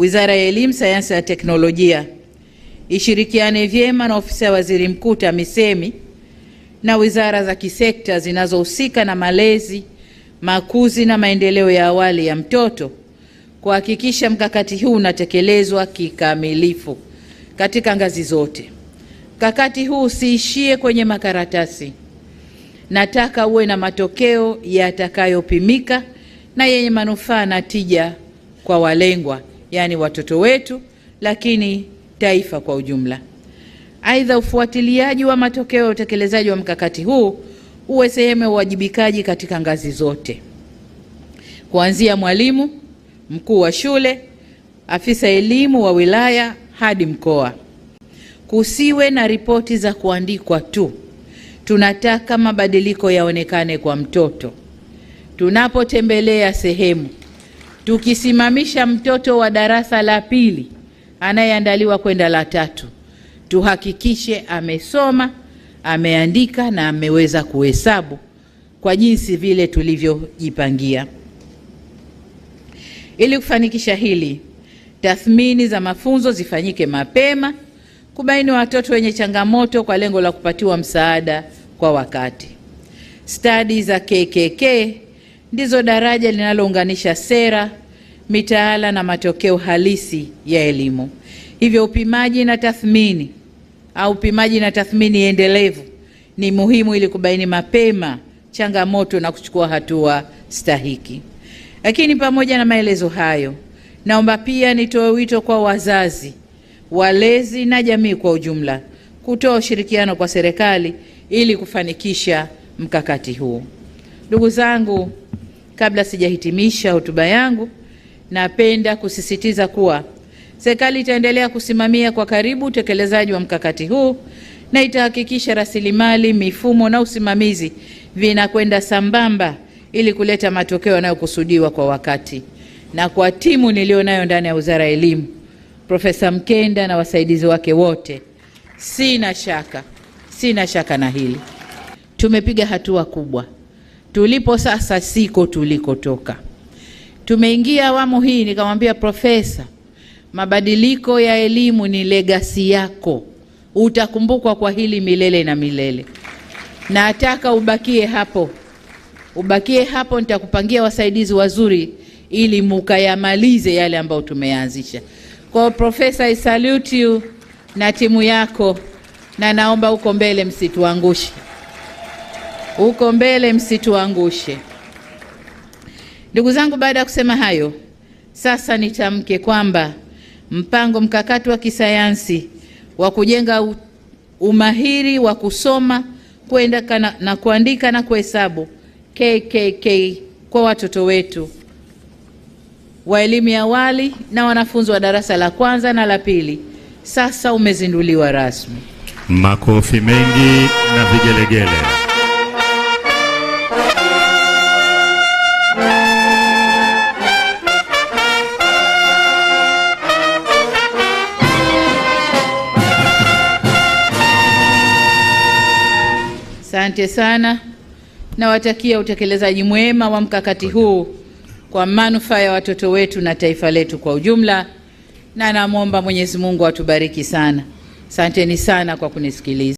Wizara ya Elimu, Sayansi na Teknolojia ishirikiane vyema na ofisi ya Waziri Mkuu TAMISEMI na wizara za kisekta zinazohusika na malezi, makuzi na maendeleo ya awali ya mtoto kuhakikisha mkakati huu unatekelezwa kikamilifu katika ngazi zote. Mkakati huu usiishie kwenye makaratasi. Nataka uwe na matokeo yatakayopimika na yenye manufaa na tija kwa walengwa yaani watoto wetu, lakini taifa kwa ujumla. Aidha, ufuatiliaji wa matokeo ya utekelezaji wa mkakati huu uwe sehemu ya uwajibikaji katika ngazi zote, kuanzia mwalimu mkuu wa shule, afisa elimu wa wilaya hadi mkoa. Kusiwe na ripoti za kuandikwa tu, tunataka mabadiliko yaonekane kwa mtoto tunapotembelea sehemu tukisimamisha mtoto wa darasa la pili anayeandaliwa kwenda la tatu, tuhakikishe amesoma, ameandika na ameweza kuhesabu kwa jinsi vile tulivyojipangia. Ili kufanikisha hili, tathmini za mafunzo zifanyike mapema kubaini watoto wenye changamoto kwa lengo la kupatiwa msaada kwa wakati. Stadi za KKK ndizo daraja linalounganisha sera, mitaala na matokeo halisi ya elimu. Hivyo upimaji na tathmini au upimaji na tathmini endelevu ni muhimu ili kubaini mapema changamoto na kuchukua hatua stahiki. Lakini pamoja na maelezo hayo, naomba pia nitoe wito kwa wazazi, walezi na jamii kwa ujumla kutoa ushirikiano kwa serikali ili kufanikisha mkakati huu. Ndugu zangu, Kabla sijahitimisha hotuba yangu, napenda kusisitiza kuwa serikali itaendelea kusimamia kwa karibu utekelezaji wa mkakati huu na itahakikisha rasilimali, mifumo na usimamizi vinakwenda sambamba ili kuleta matokeo yanayokusudiwa kwa wakati. Na kwa timu niliyonayo ndani ya Wizara ya Elimu, Profesa Mkenda na wasaidizi wake wote, sina shaka, sina shaka na hili. Tumepiga hatua kubwa tulipo sasa siko tulikotoka. Tumeingia awamu hii, nikamwambia profesa, mabadiliko ya elimu ni legasi yako, utakumbukwa kwa hili milele na milele, nataka ubakie hapo, ubakie hapo. Nitakupangia wasaidizi wazuri ili mukayamalize yale ambayo tumeyaanzisha. Kwa profesa, I salute you na timu yako, na naomba uko mbele, msituangushe uko mbele, msituangushe. Ndugu zangu, baada ya kusema hayo, sasa nitamke kwamba mpango mkakati wa kisayansi wa kujenga umahiri wa kusoma kwenda na, na kuandika na kuhesabu KKK kwa watoto wetu wa elimu ya awali na wanafunzi wa darasa la kwanza na la pili sasa umezinduliwa rasmi. Makofi mengi na vigelegele. Asante sana. Nawatakia utekelezaji mwema wa mkakati huu kwa manufaa ya watoto wetu na taifa letu kwa ujumla, na namwomba Mwenyezi Mungu atubariki sana. Asanteni sana kwa kunisikiliza.